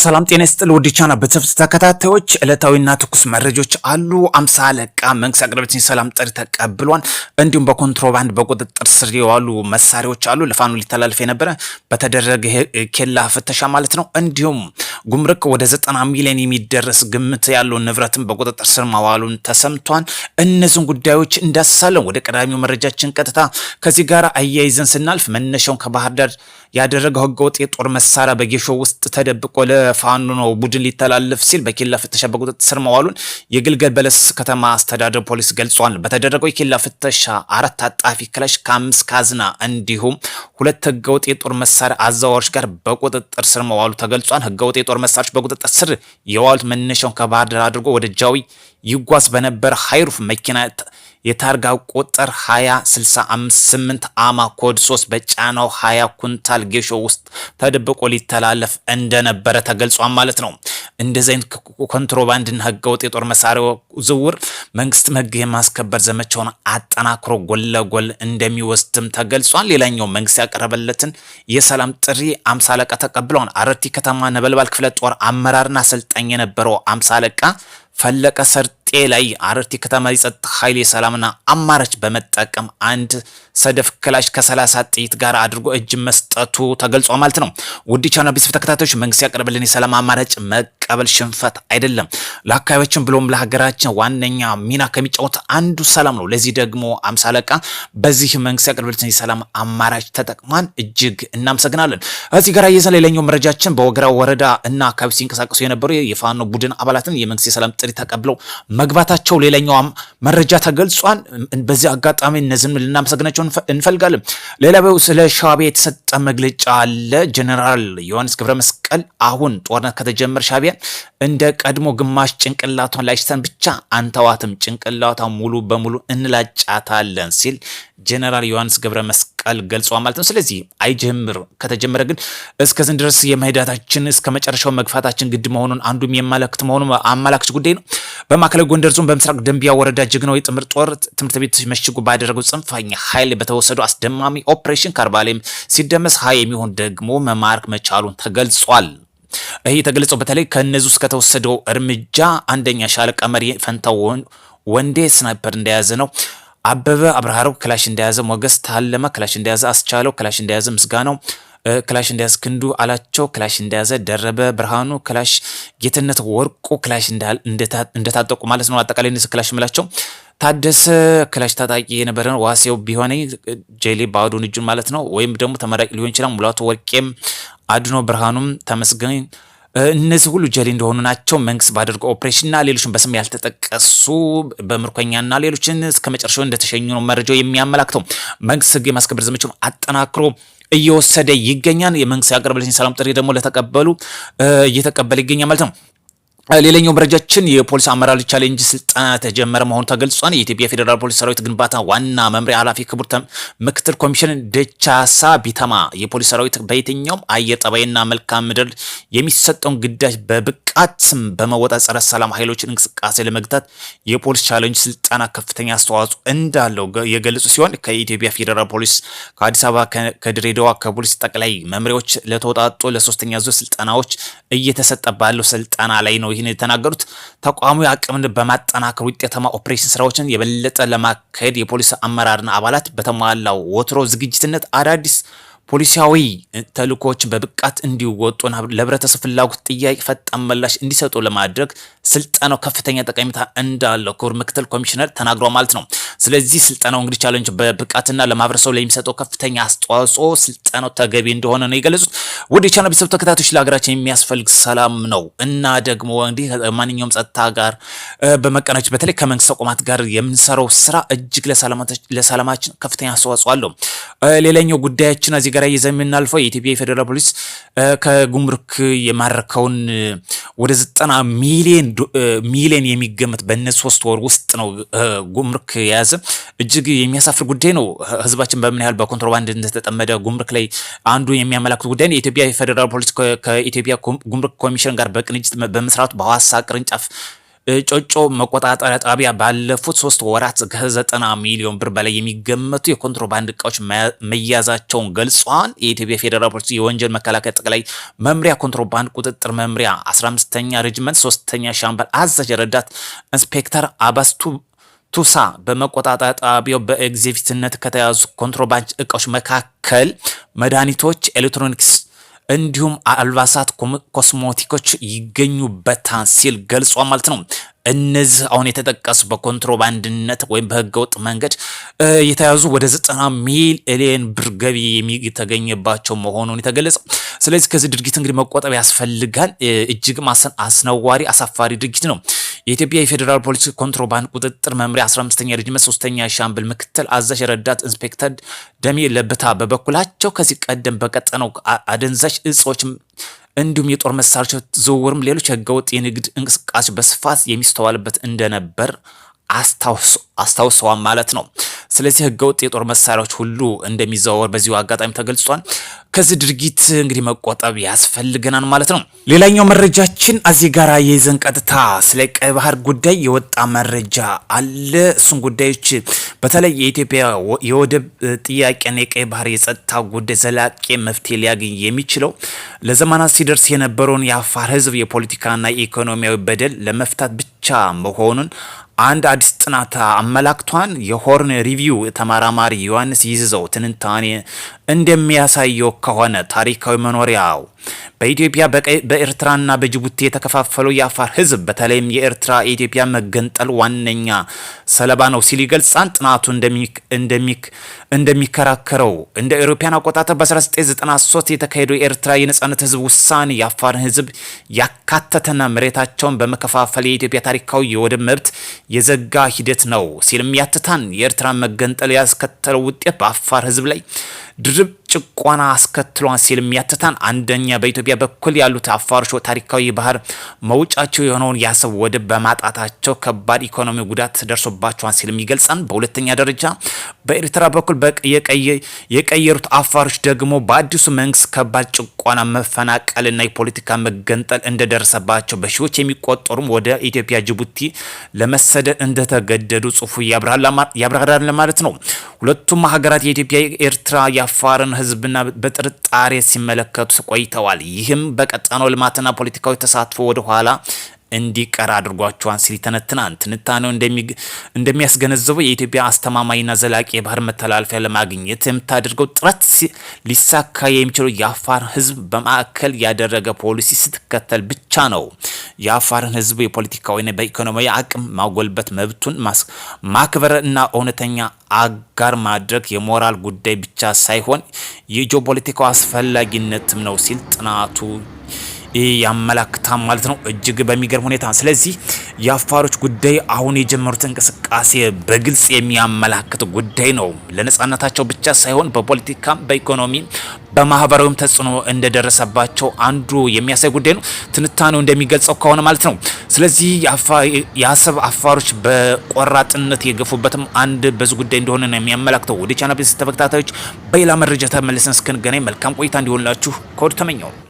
ሰላም ጤና ይስጥል ውድ ቻና በተፍስ ተከታታዮች ዕለታዊና ትኩስ መረጃዎች አሉ። አምሳ አለቃ መንግስት አቅራቢዎችን ሰላም ጥሪ ተቀብሏል። እንዲሁም በኮንትሮባንድ በቁጥጥር ስር የዋሉ መሳሪያዎች አሉ። ለፋኖ ሊተላለፍ የነበረ በተደረገ ኬላ ፍተሻ ማለት ነው። እንዲሁም ጉምርክ ወደ ዘጠና ሚሊዮን የሚደረስ ግምት ያለው ንብረትን በቁጥጥር ስር ማዋሉን ተሰምቷል። እነዚህን ጉዳዮች እንዳስሳለን። ወደ ቀዳሚው መረጃችን ቀጥታ ከዚህ ጋር አያይዘን ስናልፍ መነሻውን ከባህር ዳር ያደረገው ህገወጥ የጦር መሳሪያ በጌሾ ውስጥ ተደብቆ ለፋኖ ነው ቡድን ሊተላለፍ ሲል በኬላ ፍተሻ በቁጥጥር ስር መዋሉን የግልገል በለስ ከተማ አስተዳደር ፖሊስ ገልጿል። በተደረገው የኬላ ፍተሻ አራት አጣፊ ክላሽ ከአምስት ካዝና እንዲሁም ሁለት ህገወጥ የጦር መሳሪያ አዘዋዋሪዎች ጋር በቁጥጥር ስር መዋሉ ተገልጿል። ህገወጥ የጦር መሳሪያዎች በቁጥጥር ስር የዋሉት መነሻውን ከባህር ዳር አድርጎ ወደ ጃዊ ይጓዝ በነበረ ሀይሩፍ መኪና የታርጋ ቁጥር 2068 አማ ኮድ 3 በጫናው 20 ኩንታል ጌሾ ውስጥ ተደብቆ ሊተላለፍ እንደነበረ ተገልጿል ማለት ነው። እንደዚህ አይነት ኮንትሮባንድና ህገወጥ የጦር መሳሪያ ዝውውር መንግስት ህግ የማስከበር ዘመቻውን አጠናክሮ ጎን ለጎን እንደሚወስድም ተገልጿል። ሌላኛው መንግስት ያቀረበለትን የሰላም ጥሪ አምሳ አለቃ ተቀብለዋል። አረርቲ ከተማ ነበልባል ክፍለ ጦር አመራርና አሰልጣኝ የነበረው አምሳ አለቃ ፈለቀ ሰርጥ ጤ ላይ አረርቲ ከተማ የጸጥታ ኃይል የሰላምና አማራጭ በመጠቀም አንድ ሰደፍ ክላሽ ከ30 ጥይት ጋር አድርጎ እጅ መስጠቱ ተገልጿ ማለት ነው። ውድ ቻና ቢስፍ ተከታታዮች መንግስት ያቀርብልን የሰላም አማራጭ መቀበል ሽንፈት አይደለም። ለአካባቢያችን ብሎም ለሀገራችን ዋነኛ ሚና ከሚጫወት አንዱ ሰላም ነው። ለዚህ ደግሞ አምሳ አለቃ በዚህ መንግስት ያቀርብልን የሰላም አማራጭ ተጠቅማን እጅግ እናመሰግናለን። እዚህ ጋር የዘን ሌላኛው መረጃችን በወገራ ወረዳ እና አካባቢ ሲንቀሳቀሱ የነበሩ የፋኖ ቡድን አባላትን የመንግስት የሰላም ጥሪ ተቀብለው መግባታቸው ሌላኛው መረጃ ተገልጿን። በዚህ አጋጣሚ እነዚህም ልናመሰግናቸው እንፈልጋለን። ሌላው ስለ ሻቢያ የተሰጠ መግለጫ አለ። ጀኔራል ዮሐንስ ገብረ መስቀል አሁን ጦርነት ከተጀመረ ሻቢያ እንደ ቀድሞ ግማሽ ጭንቅላቷን ላጭተን ብቻ አንተዋትም፣ ጭንቅላቷ ሙሉ በሙሉ እንላጫታለን ሲል ጀነራል ዮሐንስ ገብረ መስቀል ቃል ገልጿ ማለት ነው። ስለዚህ አይጀምር ከተጀመረ ግን እስከዚህ ድረስ የመሄዳታችን እስከ መጨረሻው መግፋታችን ግድ መሆኑን አንዱም የማለክት መሆኑ አመላክች ጉዳይ ነው። በማዕከላዊ ጎንደር ዞን በምስራቅ ደንቢያ ወረዳ ጀግናው የጥምር ጦር ትምህርት ቤት መሽጉ ባደረገው ጽንፈኛ ኃይል በተወሰዱ አስደማሚ ኦፕሬሽን ከአርባሌም ሲደመስ ሀያ የሚሆን ደግሞ መማረክ መቻሉን ተገልጿል። ይህ የተገለጸው በተለይ ከእነዚህ ውስጥ ከተወሰደው እርምጃ አንደኛ ሻለቃ መሪ ፈንታው ወንዴ ስናይፐር እንደያዘ ነው። አበበ አብርሃረው ክላሽ እንደያዘ፣ ሞገስ ታለመ ክላሽ እንደያዘ፣ አስቻለው ክላሽ እንደያዘ፣ ምስጋናው ክላሽ እንደያዘ፣ ክንዱ አላቸው ክላሽ እንደያዘ፣ ደረበ ብርሃኑ ክላሽ፣ ጌትነት ወርቁ ክላሽ እንደታጠቁ ማለት ነው። አጠቃላይ እነዚህ ክላሽ የምላቸው ታደሰ ክላሽ ታጣቂ የነበረ ነው። ዋሴው ቢሆነ ጄሌ ባዶን እጁን ማለት ነው። ወይም ደግሞ ተመራቂ ሊሆን ይችላል። ሙላቱ ወርቄም፣ አድኖ ብርሃኑም፣ ተመስገን እነዚህ ሁሉ ጀሌ እንደሆኑ ናቸው። መንግስት ባደርገው ኦፕሬሽንና ሌሎችን በስም ያልተጠቀሱ በምርኮኛና ሌሎችን እስከ መጨረሻው እንደተሸኙ ነው መረጃው የሚያመላክተው። መንግስት ህግ የማስከበር ዘመቻውን አጠናክሮ እየወሰደ ይገኛል። የመንግስት ያቀረበልኝ ሰላም ጥሪ ደግሞ ለተቀበሉ እየተቀበለ ይገኛል ማለት ነው። ሌላኛው መረጃችን የፖሊስ አመራር ቻሌንጅ ስልጠና ተጀመረ መሆኑ ተገልጿል። የኢትዮጵያ ፌዴራል ፖሊስ ሰራዊት ግንባታ ዋና መምሪያ ኃላፊ ክቡር ምክትል ኮሚሽን ደቻሳ ቢተማ የፖሊስ ሰራዊት በየትኛውም አየር ጠባይና ምድር የሚሰጠውን ግዳጅ በብቃት በመወጣት ጸረ ሰላም ኃይሎችን እንቅስቃሴ ለመግታት የፖሊስ ቻሌንጅ ስልጠና ከፍተኛ አስተዋጽኦ እንዳለው የገለጹ ሲሆን ከኢትዮጵያ ፌዴራል ፖሊስ ከአዲስ አበባ፣ ከድሬዳዋ ከፖሊስ ጠቅላይ መምሪያዎች ለተወጣጡ ለሶስተኛ ዙር ስልጠናዎች እየተሰጠ ባለው ስልጠና ላይ ነው። ይህን የተናገሩት ተቋሙ የአቅምን በማጠናከር ውጤታማ ኦፕሬሽን ስራዎችን የበለጠ ለማካሄድ የፖሊስ አመራርና አባላት በተሟላው ወትሮ ዝግጅትነት አዳዲስ ፖሊሲያዊ ተልእኮዎችን በብቃት እንዲወጡና ለህብረተሰብ ፍላጎት ጥያቄ ፈጣን ምላሽ እንዲሰጡ ለማድረግ ስልጠናው ከፍተኛ ጠቀሜታ እንዳለው ክቡር ምክትል ኮሚሽነር ተናግሯል ማለት ነው። ስለዚህ ስልጠናው እንግዲህ ቻለንጅ በብቃትና ለማህበረሰቡ ለሚሰጠው ከፍተኛ አስተዋጽኦ ስልጠናው ተገቢ እንደሆነ ነው የገለጹት። ወደ ቻና ቤተሰብ ተከታቶች ለሀገራችን የሚያስፈልግ ሰላም ነው እና ደግሞ እንዲህ ማንኛውም ጸጥታ ጋር በመቀናጀት በተለይ ከመንግስት ተቋማት ጋር የምንሰራው ስራ እጅግ ለሰላማችን ከፍተኛ አስተዋጽኦ አለው። ሌላኛው ጉዳያችን እዚህ ጋር ይዘን የምናልፈው የኢትዮጵያ የፌዴራል ፖሊስ ከጉምሩክ የማረከውን ወደ ዘጠና ሚሊዮን ሚሊዮን የሚገመት በእነዚህ ሶስት ወር ውስጥ ነው ጉምሩክ የያዘ። እጅግ የሚያሳፍር ጉዳይ ነው። ህዝባችን በምን ያህል በኮንትሮባንድ እንደተጠመደ ጉምሩክ ላይ አንዱ የሚያመላክት ጉዳይ ነው። የኢትዮጵያ የፌዴራል ፖሊስ ከኢትዮጵያ ጉምሩክ ኮሚሽን ጋር በቅንጅት በመስራቱ በሐዋሳ ቅርንጫፍ ጮጮ መቆጣጠሪያ ጣቢያ ባለፉት ሶስት ወራት ከዘጠና ሚሊዮን ብር በላይ የሚገመቱ የኮንትሮባንድ እቃዎች መያዛቸውን ገልጿል። የኢትዮጵያ ፌዴራል ፖሊስ የወንጀል መከላከያ ጠቅላይ መምሪያ ኮንትሮባንድ ቁጥጥር መምሪያ 15ኛ ሬጅመንት ሶስተኛ ሻምበል አዛዥ ረዳት ኢንስፔክተር አባስቱ ቱሳ በመቆጣጠር ጣቢያው በኤግዚቢትነት ከተያዙ ኮንትሮባንድ እቃዎች መካከል መድኃኒቶች፣ ኤሌክትሮኒክስ እንዲሁም አልባሳት፣ ኮስሞቲኮች ይገኙበታል ሲል ገልጿ ማለት ነው። እነዚህ አሁን የተጠቀሱ በኮንትሮባንድነት ወይም በህገ ወጥ መንገድ የተያዙ ወደ ዘጠና ሚሊየን ብር ገቢ የሚተገኝባቸው መሆኑን የተገለጸው። ስለዚህ ከዚህ ድርጊት እንግዲህ መቆጠብ ያስፈልጋል። እጅግም አስነዋሪ አሳፋሪ ድርጊት ነው። የኢትዮጵያ የፌዴራል ፖሊስ ኮንትሮባንድ ቁጥጥር መምሪያ 15ኛ ርጅመት ሶስተኛ ኛ ሻምብል ምክትል አዛዥ ረዳት ኢንስፔክተር ደሜ ለብታ በበኩላቸው ከዚህ ቀደም በቀጠነው አደንዛዥ እጾች እንዲሁም የጦር መሳሪያዎች ዝውውርም ሌሎች ህገወጥ የንግድ እንቅስቃሴ በስፋት የሚስተዋልበት እንደነበር አስታውሰዋል ማለት ነው። ስለዚህ ህገወጥ የጦር መሳሪያዎች ሁሉ እንደሚዘዋወር በዚሁ አጋጣሚ ተገልጿል። ከዚህ ድርጊት እንግዲህ መቆጠብ ያስፈልገናል ማለት ነው። ሌላኛው መረጃችን እዚህ ጋር የይዘን ቀጥታ ስለ ቀይ ባህር ጉዳይ የወጣ መረጃ አለ። እሱን ጉዳዮች በተለይ የኢትዮጵያ የወደብ ጥያቄና የቀይ ባህር የጸጥታ ጉዳይ ዘላቂ መፍትሄ ሊያገኝ የሚችለው ለዘመናት ሲደርስ የነበረውን የአፋር ህዝብ የፖለቲካና የኢኮኖሚያዊ በደል ለመፍታት ብቻ መሆኑን አንድ አዲስ ጥናት አመላክቷን የሆርን ሪቪው ተመራማሪ ዮሐንስ ይዝዘው ትንታኔ እንደሚያሳየው ከሆነ ታሪካዊ መኖሪያው በኢትዮጵያ በኤርትራና በጅቡቲ የተከፋፈለው የአፋር ሕዝብ በተለይም የኤርትራ የኢትዮጵያ መገንጠል ዋነኛ ሰለባ ነው ሲል ይገልጻል። ጥናቱ እንደሚከራከረው እንደ አውሮፓውያን አቆጣጠር በ1993 የተካሄደው የኤርትራ የነጻነት ሕዝብ ውሳኔ የአፋርን ሕዝብ ያካተተና መሬታቸውን በመከፋፈል የኢትዮጵያ ታሪካዊ የወደብ መብት የዘጋ ሂደት ነው ሲልም ያትታን። የኤርትራ መገንጠል ያስከተለው ውጤት በአፋር ህዝብ ላይ ድርብ ጭቆና አስከትሏን ሲል የሚያትታን አንደኛ በኢትዮጵያ በኩል ያሉት አፋሮች ታሪካዊ ባህር መውጫቸው የሆነውን የአሰብ ወደብ በማጣታቸው ከባድ ኢኮኖሚ ጉዳት ደርሶባቸዋን ሲል የሚገልጻን። በሁለተኛ ደረጃ በኤርትራ በኩል የቀየሩት አፋሮች ደግሞ በአዲሱ መንግስት ከባድ ጭቆና፣ መፈናቀልና የፖለቲካ መገንጠል እንደደረሰባቸው በሺዎች የሚቆጠሩም ወደ ኢትዮጵያ ጅቡቲ ለመሰደድ እንደተገደዱ ጽሁፉ ያብራራል ማለት ነው። ሁለቱም ሀገራት የኢትዮጵያ፣ ኤርትራ የአፋርን ህዝብና በጥርጣሬ ሲመለከቱ ቆይተዋል። ይህም በቀጠናው ልማትና ፖለቲካዊ ተሳትፎ ወደ ኋላ እንዲቀር አድርጓቸዋን ሲል ይተነትናል። ትንታኔው እንደሚያስገነዘበው የኢትዮጵያ አስተማማኝና ዘላቂ የባህር መተላለፊያ ለማግኘት የምታደርገው ጥረት ሊሳካ የሚችለው የአፋር ሕዝብ በማዕከል ያደረገ ፖሊሲ ስትከተል ብቻ ነው። የአፋርን ሕዝብ የፖለቲካዊና በኢኮኖሚያዊ አቅም ማጎልበት፣ መብቱን ማክበር እና እውነተኛ አጋር ማድረግ የሞራል ጉዳይ ብቻ ሳይሆን የጂኦፖለቲካው አስፈላጊነትም ነው ሲል ጥናቱ ያመላክታል ማለት ነው እጅግ በሚገርም ሁኔታ። ስለዚህ የአፋሮች ጉዳይ አሁን የጀመሩት እንቅስቃሴ በግልጽ የሚያመላክት ጉዳይ ነው። ለነጻነታቸው ብቻ ሳይሆን በፖለቲካም፣ በኢኮኖሚ፣ በማህበራዊም ተጽዕኖ እንደደረሰባቸው አንዱ የሚያሳይ ጉዳይ ነው። ትንታኔው እንደሚገልጸው ከሆነ ማለት ነው። ስለዚህ የአሰብ አፋሮች በቆራጥነት የገፉበትም አንድ በዚ ጉዳይ እንደሆነ ነው የሚያመላክተው። ወደ ቻና ቤተሰብ ተከታታዮች በሌላ መረጃ ተመልሰን እስክንገናኝ መልካም ቆይታ እንዲሆንላችሁ ከወዲሁ ተመኘው።